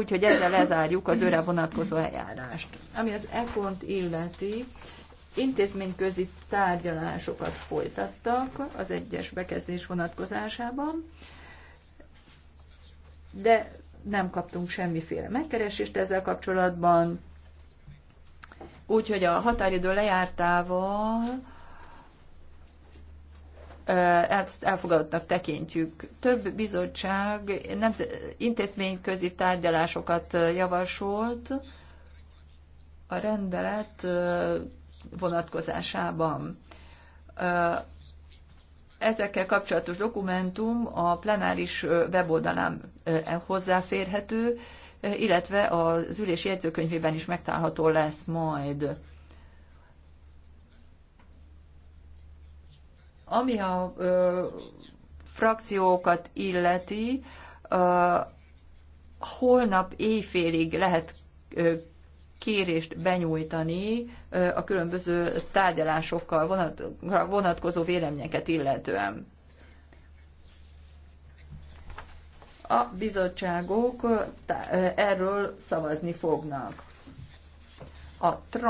úgyhogy ezzel lezárjuk az őre vonatkozó eljárást. Ami az EFON-t illeti, intézményközi tárgyalásokat folytattak az egyes bekezdés vonatkozásában, de nem kaptunk semmiféle megkeresést ezzel kapcsolatban, úgyhogy a határidő lejártával ezt elfogadottnak tekintjük. Több bizottság intézményközi tárgyalásokat javasolt a rendelet vonatkozásában. Ezekkel kapcsolatos dokumentum a plenáris weboldalán hozzáférhető, illetve az ülés jegyzőkönyvében is megtalálható lesz majd. Ami a ö, frakciókat illeti, ö, holnap éjfélig lehet ö, kérést benyújtani ö, a különböző tárgyalásokkal vonat, vonatkozó véleményeket illetően. A bizottságok erről szavazni fognak. A Trump